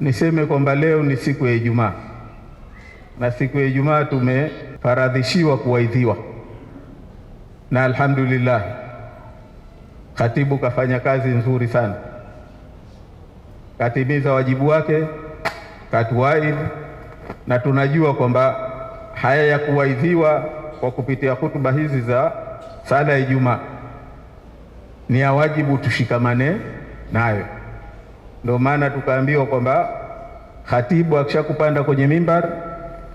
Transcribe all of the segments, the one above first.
Niseme kwamba leo ni siku ya Ijumaa na siku ya Ijumaa tumefaradhishiwa kuwaidhiwa, na alhamdulillah, katibu kafanya kazi nzuri sana, katimiza wajibu wake, katuwaidhi, na tunajua kwamba haya ya kuwaidhiwa kwa kupitia hutuba hizi za sala ya Ijumaa ni ya wajibu, tushikamane nayo. Ndio maana tukaambiwa kwamba khatibu akishakupanda kwenye mimbar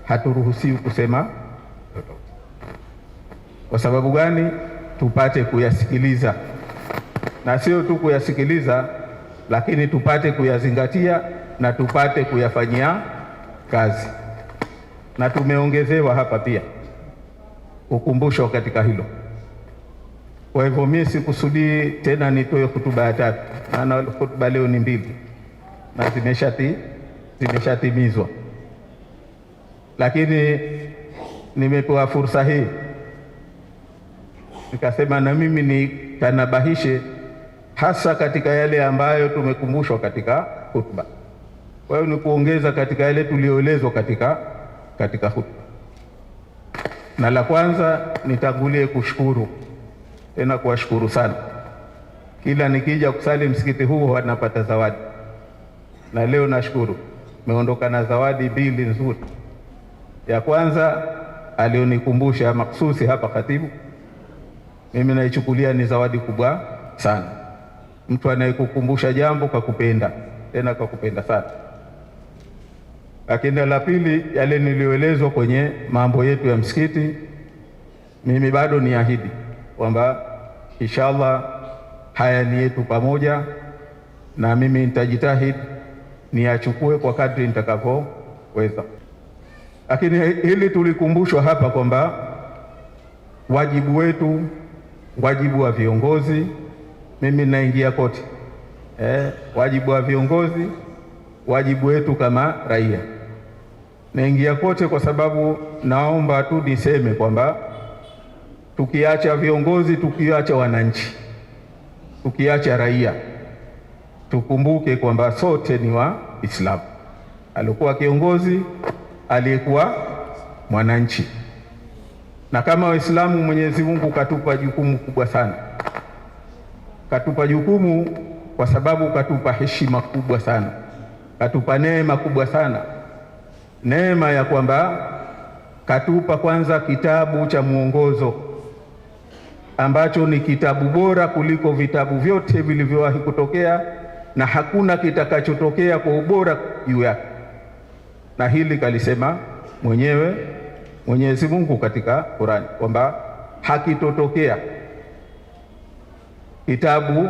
haturuhusiwi kusema lolote. Kwa sababu gani? Tupate kuyasikiliza na sio tu kuyasikiliza, lakini tupate kuyazingatia na tupate kuyafanyia kazi. Na tumeongezewa hapa pia ukumbusho katika hilo. Kwa hivyo mimi sikusudii tena nitoe hotuba ya tatu, maana hotuba leo ni mbili na zimeshati zimeshatimizwa, lakini nimepewa fursa hii nikasema na mimi nitanabahishe hasa katika yale ambayo tumekumbushwa katika hotuba. Kwa hiyo ni kuongeza katika yale tuliyoelezwa katika katika hotuba, na la kwanza nitangulie kushukuru tena kuwashukuru sana. Kila nikija kusali msikiti huu wanapata zawadi, na leo nashukuru meondoka na zawadi mbili nzuri. Ya kwanza alionikumbusha maksusi hapa khatibu, mimi naichukulia ni zawadi kubwa sana, mtu anayekukumbusha jambo kwa kupenda, tena kwa kupenda sana. Lakini la pili, yale niliyoelezwa kwenye mambo yetu ya msikiti, mimi bado niahidi kwamba inshallah haya ni yetu pamoja, na mimi nitajitahidi niyachukue kwa kadri nitakavyoweza. Lakini hili tulikumbushwa hapa kwamba wajibu wetu, wajibu wa viongozi, mimi naingia kote eh, wajibu wa viongozi, wajibu wetu kama raia, naingia kote, kwa sababu naomba tu niseme kwamba tukiacha viongozi, tukiacha wananchi, tukiacha raia, tukumbuke kwamba sote ni Waislamu. Alikuwa kiongozi, aliyekuwa mwananchi. Na kama Waislamu, Mwenyezi Mungu katupa jukumu kubwa sana, katupa jukumu kwa sababu katupa heshima kubwa sana, katupa neema kubwa sana, neema ya kwamba katupa kwanza kitabu cha mwongozo ambacho ni kitabu bora kuliko vitabu vyote vilivyowahi kutokea na hakuna kitakachotokea kwa ubora juu yake, na hili kalisema mwenyewe Mwenyezi Mungu katika Qurani kwamba hakitotokea kitabu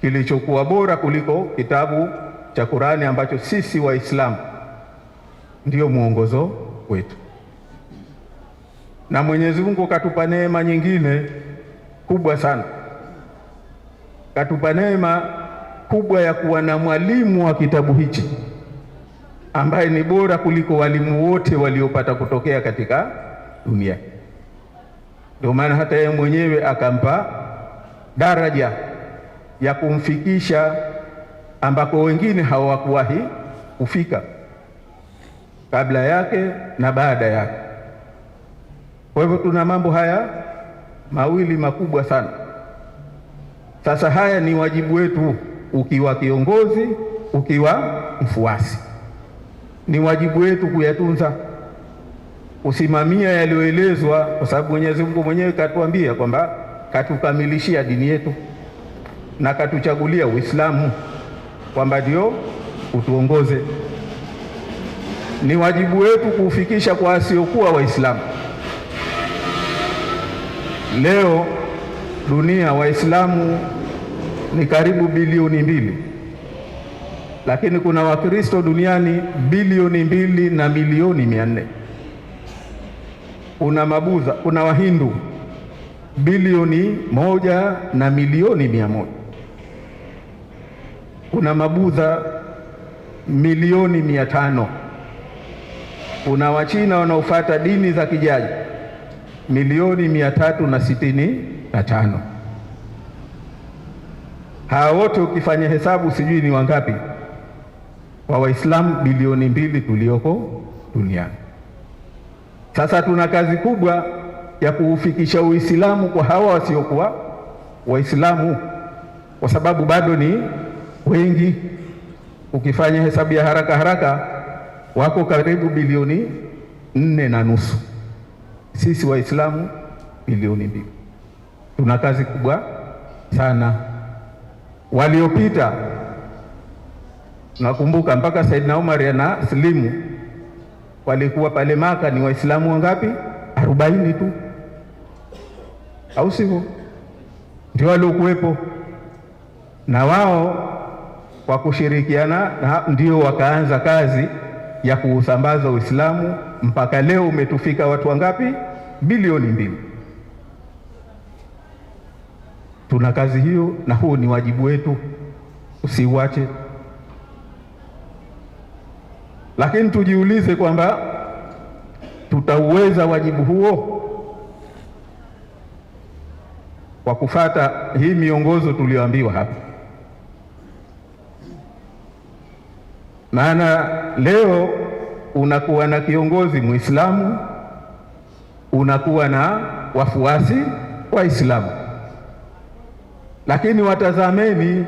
kilichokuwa bora kuliko kitabu cha Qurani ambacho sisi Waislamu ndio mwongozo wetu na Mwenyezi Mungu katupa neema nyingine kubwa sana, katupa neema kubwa ya kuwa na mwalimu wa kitabu hichi ambaye ni bora kuliko walimu wote waliopata kutokea katika dunia. Ndio maana hata yeye mwenyewe akampa daraja ya kumfikisha ambako wengine hawakuwahi kufika kabla yake na baada yake. Kwa hivyo tuna mambo haya mawili makubwa sana. Sasa haya ni wajibu wetu, ukiwa kiongozi, ukiwa mfuasi, ni wajibu wetu kuyatunza, kusimamia yaliyoelezwa, kwa sababu Mwenyezi Mungu mwenyewe katuambia kwamba katukamilishia dini yetu na katuchagulia Uislamu kwamba ndio utuongoze. Ni wajibu wetu kuufikisha kwa wasiokuwa Waislamu. Leo dunia Waislamu ni karibu bilioni mbili, lakini kuna Wakristo duniani bilioni mbili na milioni mia nne. Kuna Mabudha, kuna Wahindu bilioni moja na milioni mia moja. Kuna Mabudha milioni mia tano. Kuna Wachina wanaofuata dini za kijaji milioni mia tatu na sitini na tano. Hawa wote ukifanya hesabu sijui ni wangapi kwa Waislamu bilioni mbili tulioko duniani. Sasa tuna kazi kubwa ya kuufikisha Uislamu kwa hawa wasiokuwa Waislamu, kwa sababu bado ni wengi. Ukifanya hesabu ya haraka haraka, wako karibu bilioni nne na nusu sisi Waislamu milioni mbili tuna kazi kubwa sana. Waliopita nakumbuka mpaka Saidina Umar na slimu walikuwa pale Maka ni Waislamu wangapi? arobaini tu, au sivyo? Ndio waliokuwepo na wao kwa kushirikiana, ndio wakaanza kazi ya kuusambaza Uislamu mpaka leo umetufika watu wangapi? Bilioni mbili. Tuna kazi hiyo, na huu ni wajibu wetu, usiuache. Lakini tujiulize kwamba tutauweza wajibu huo kwa kufata hii miongozo tuliyoambiwa hapa. Maana leo unakuwa na kiongozi Muislamu, unakuwa na wafuasi Waislamu. Lakini watazameni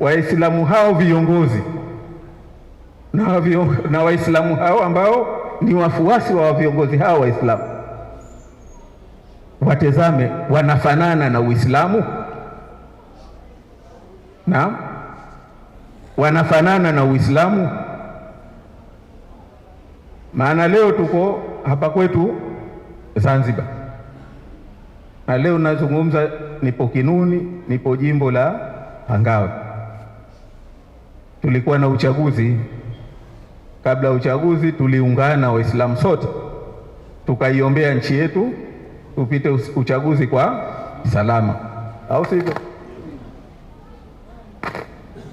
Waislamu hao viongozi na Waislamu hao ambao ni wafuasi wa viongozi hao Waislamu, watazame wanafanana na Uislamu na wanafanana na Uislamu maana leo tuko hapa kwetu Zanzibar, na leo nazungumza, nipo Kinuni, nipo jimbo la Pangawe. Tulikuwa na uchaguzi. Kabla ya uchaguzi, tuliungana Waislamu sote tukaiombea nchi yetu tupite uchaguzi kwa salama, au sivyo?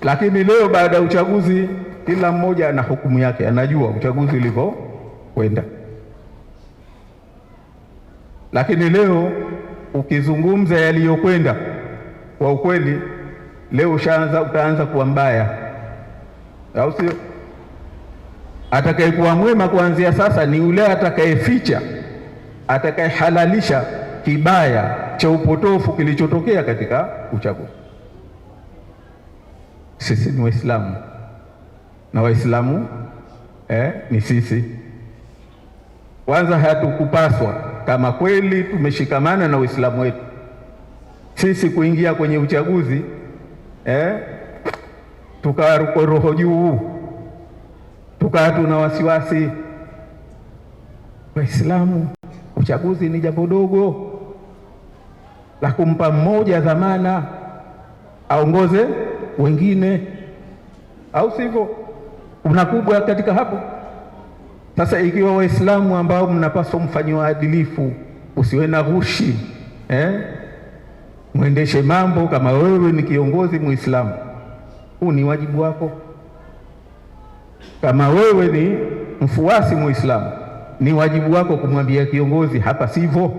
Lakini leo baada ya uchaguzi, kila mmoja ana hukumu yake, anajua uchaguzi ulivyo kwenda. Lakini leo ukizungumza yaliyokwenda, kwa ukweli leo ushaanza, utaanza kuwa mbaya, au sio? Atakayekuwa mwema kuanzia sasa ni yule atakayeficha, atakayehalalisha kibaya cha upotofu kilichotokea katika uchaguzi. Sisi ni Waislamu na Waislamu eh, ni sisi. Kwanza hatukupaswa kama kweli tumeshikamana na Uislamu wetu sisi kuingia kwenye uchaguzi eh, tukawa roho juu, tukawa tuna wasiwasi. Waislamu, uchaguzi ni jambo dogo la kumpa mmoja dhamana aongoze wengine, au sivyo? Kuna kubwa katika hapo. Sasa ikiwa Waislamu ambao mnapaswa mfanye waadilifu, usiwe na rushi eh? Mwendeshe mambo kama wewe ni kiongozi Muislamu, huu ni wajibu wako. Kama wewe ni mfuasi Muislamu, ni wajibu wako kumwambia kiongozi hapa sivyo,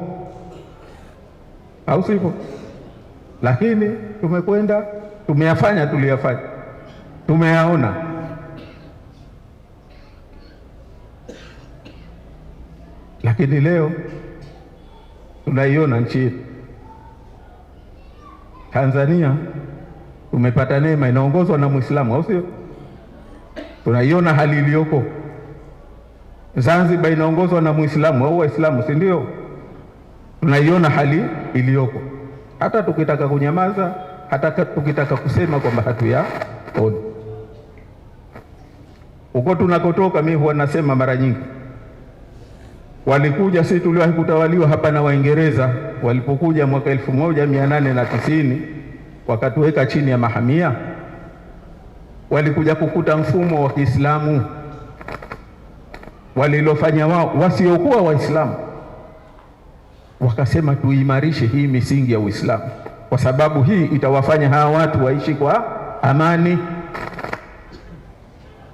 au sivyo? Lakini tumekwenda tumeyafanya, tuliyafanya, tumeyaona lakini leo tunaiona nchi yetu Tanzania umepata neema, inaongozwa na Mwislamu, au sio? Tunaiona hali iliyoko Zanzibar, inaongozwa na Mwislamu au Waislamu, si ndio? Tunaiona hali iliyoko, hata tukitaka kunyamaza, hata tukitaka kusema kwamba hatuyaoni. Huko tunakotoka, mimi huwa nasema mara nyingi Walikuja sisi tuliwahi kutawaliwa hapa na Waingereza, walipokuja mwaka elfu moja mia na tisini wakatuweka chini ya mahamia, walikuja kukuta mfumo wa Kiislamu walilofanya wao wasiokuwa Waislamu, wakasema tuimarishe hii misingi ya Uislamu kwa sababu hii itawafanya hawa watu waishi kwa amani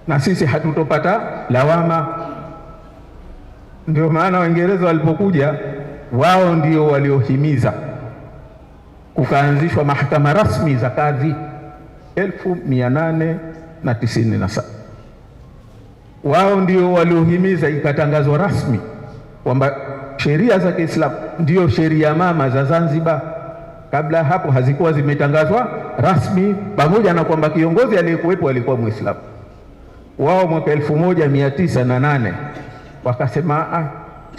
na sisi hatutopata lawama. Ndio maana Waingereza walipokuja wao ndio waliohimiza kukaanzishwa mahakama rasmi za kadhi 1897 wao ndio waliohimiza ikatangazwa rasmi kwamba sheria za Kiislamu ndio sheria mama za Zanzibar. Kabla hapo hazikuwa zimetangazwa rasmi, pamoja na kwamba kiongozi aliyekuwepo alikuwa Mwislamu. Wao mwaka 1908 wakasema ah,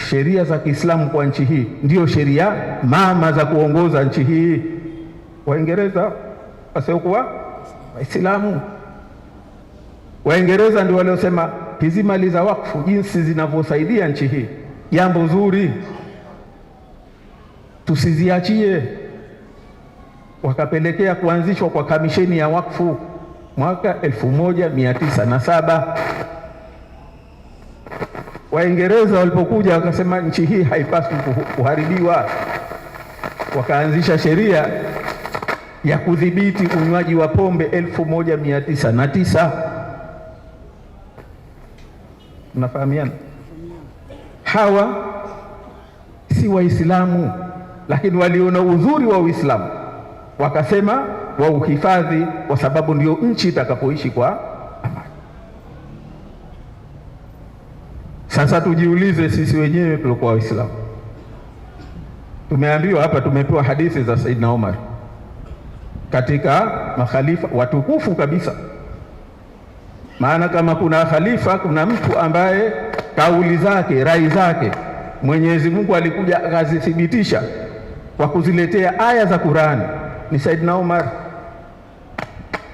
sheria za Kiislamu kwa nchi hii ndio sheria mama za kuongoza nchi hii. Waingereza wasiokuwa Waislamu, Waingereza ndio waliosema hizi mali za wakfu jinsi zinavyosaidia nchi hii, jambo zuri, tusiziachie. Wakapelekea kuanzishwa kwa kamisheni ya wakfu mwaka 1907. Waingereza walipokuja wakasema nchi hii haipaswi kuharibiwa, wakaanzisha sheria ya kudhibiti unywaji wa pombe 1909 nafahamiana Hawa si Waislamu, lakini waliona uzuri wa Uislamu wakasema wauhifadhi, kwa sababu ndio nchi itakapoishi kwa Sasa tujiulize sisi wenyewe tulikuwa Waislamu, tumeambiwa hapa, tumepewa hadithi za Saidna Omar katika makhalifa watukufu kabisa. Maana kama kuna khalifa, kuna mtu ambaye kauli zake, rai zake Mwenyezi Mungu alikuja akazithibitisha kwa kuziletea aya za Qur'ani ni Saidna Omar,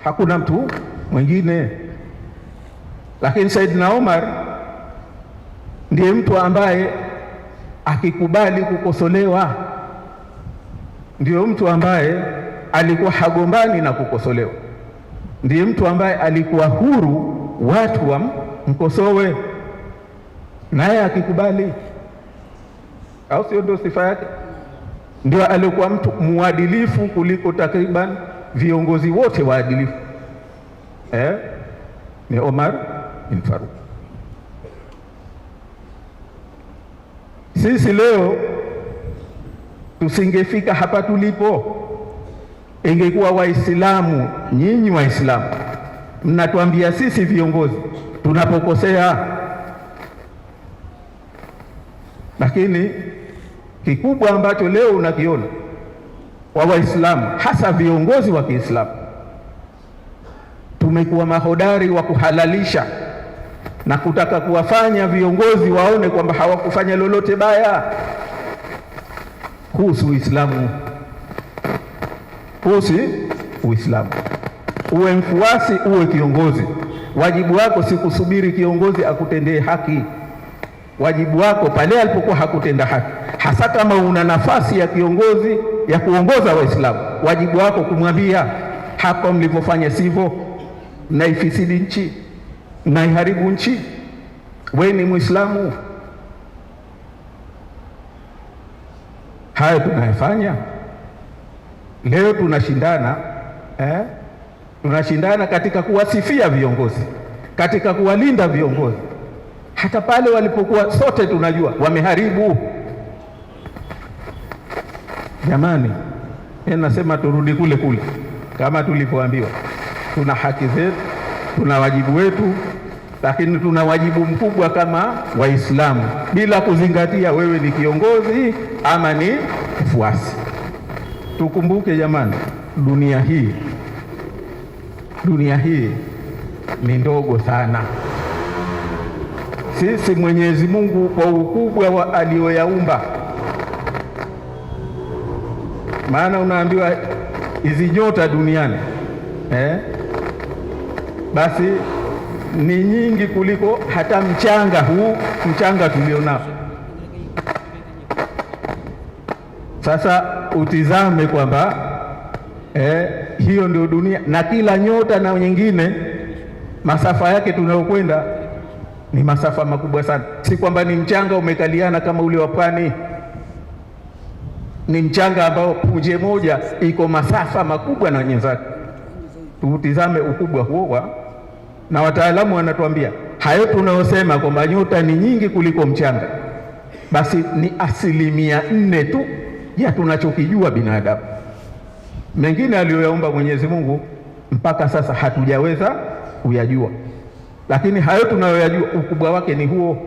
hakuna mtu mwingine. Lakini Saidna Omar ndiye mtu ambaye akikubali kukosolewa, ndiyo mtu ambaye alikuwa hagombani na kukosolewa, ndiye mtu ambaye alikuwa huru watu wamkosowe naye akikubali, au sio? Ndio sifa yake, ndio alikuwa mtu muadilifu kuliko takriban viongozi wote waadilifu eh, ni Omar bin Faruk. sisi leo tusingefika hapa tulipo, ingekuwa Waislamu nyinyi Waislamu mnatuambia sisi viongozi tunapokosea, lakini kikubwa ambacho leo unakiona kwa Waislamu hasa viongozi wa Kiislamu tumekuwa mahodari wa kuhalalisha na kutaka kuwafanya viongozi waone kwamba hawakufanya lolote baya. Huu si Uislamu, huu si Uislamu. Uwe mfuasi, uwe kiongozi. Wajibu wako si kusubiri kiongozi akutendee haki. Wajibu wako pale alipokuwa hakutenda haki, hasa kama una nafasi ya kiongozi ya kuongoza Waislamu, wajibu wako kumwambia, hapa mlivyofanya sivyo, naifisidi nchi naiharibu nchi. we ni Mwislamu, haya tunayefanya leo tunashindana eh? tunashindana katika kuwasifia viongozi, katika kuwalinda viongozi, hata pale walipokuwa sote tunajua wameharibu. Jamani, mimi nasema turudi kule kule kama tulivyoambiwa, tuna haki zetu, tuna wajibu wetu lakini tuna wajibu mkubwa kama Waislamu, bila kuzingatia wewe ni kiongozi ama ni mfuasi. Tukumbuke jamani, dunia hii dunia hii ni ndogo sana. Sisi Mwenyezi Mungu kwa ukubwa wa aliyoyaumba, maana unaambiwa hizi nyota duniani eh? basi ni nyingi kuliko hata mchanga huu mchanga tulionao sasa. Utizame kwamba eh, hiyo ndio dunia, na kila nyota na nyingine masafa yake tunayokwenda ni masafa makubwa sana, si kwamba ni mchanga umekaliana kama ule wa pwani. Ni mchanga ambao punje moja iko masafa makubwa na wenzake. Tuutizame ukubwa huo wa na wataalamu wanatuambia hayo tunayosema kwamba nyota ni nyingi kuliko mchanga, basi ni asilimia nne tu ya tunachokijua binadamu. Mengine aliyoyaumba Mwenyezi Mungu mpaka sasa hatujaweza kuyajua, lakini hayo tunayoyajua ukubwa wake ni huo.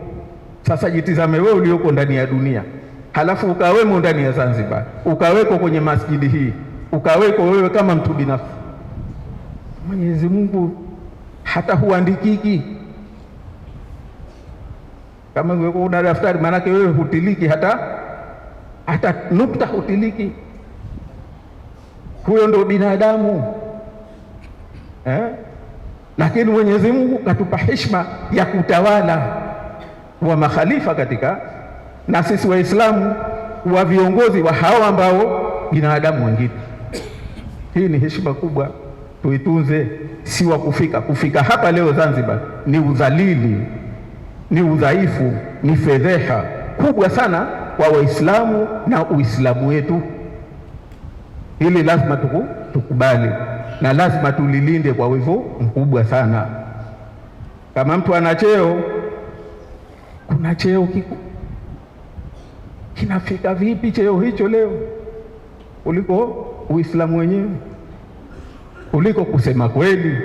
Sasa jitizame wewe ulioko ndani ya dunia, halafu ukawemo ndani ya Zanzibar, ukaweko kwenye masjidi hii, ukaweko wewe kama mtu binafsi. Mwenyezi Mungu hata huandikiki kama una daftari, maanake wewe hutiliki hata hata nukta hutiliki. Huyo ndo binadamu eh? Lakini Mwenyezi Mungu katupa heshima ya kutawala wa makhalifa katika na sisi Waislamu wa viongozi wa hao ambao binadamu wengine. Hii ni heshima kubwa tuitunze, si wa kufika. Kufika hapa leo Zanzibar ni udhalili, ni udhaifu, ni fedheha kubwa sana kwa Waislamu na Uislamu wetu. Hili lazima tuku, tukubali na lazima tulilinde kwa wivu mkubwa sana. Kama mtu ana cheo, kuna cheo kiku, kinafika vipi cheo hicho leo kuliko Uislamu wenyewe? kuliko kusema kweli.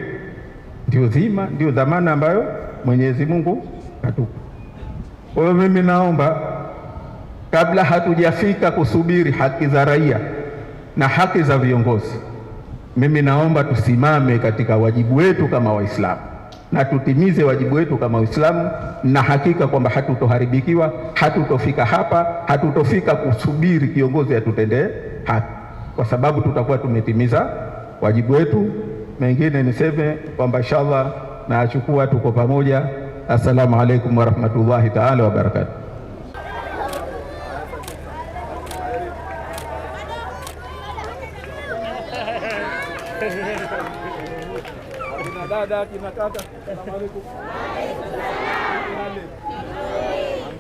Ndio dhima, ndio dhamana ambayo Mwenyezi Mungu katupa. Kwa hiyo mimi naomba kabla hatujafika kusubiri haki za raia na haki za viongozi, mimi naomba tusimame katika wajibu wetu kama Waislamu na tutimize wajibu wetu kama Waislamu, na hakika kwamba hatutoharibikiwa, hatutofika hapa, hatutofika kusubiri kiongozi atutendee haki, kwa sababu tutakuwa tumetimiza wajibu wetu. Mengine niseme kwamba inshallah naachukua, tuko pamoja. Assalamu alaikum warahmatullahi taala wabarakatu.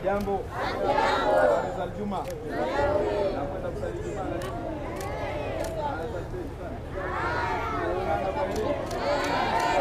Jambo za Juma nakwenda ハハハハ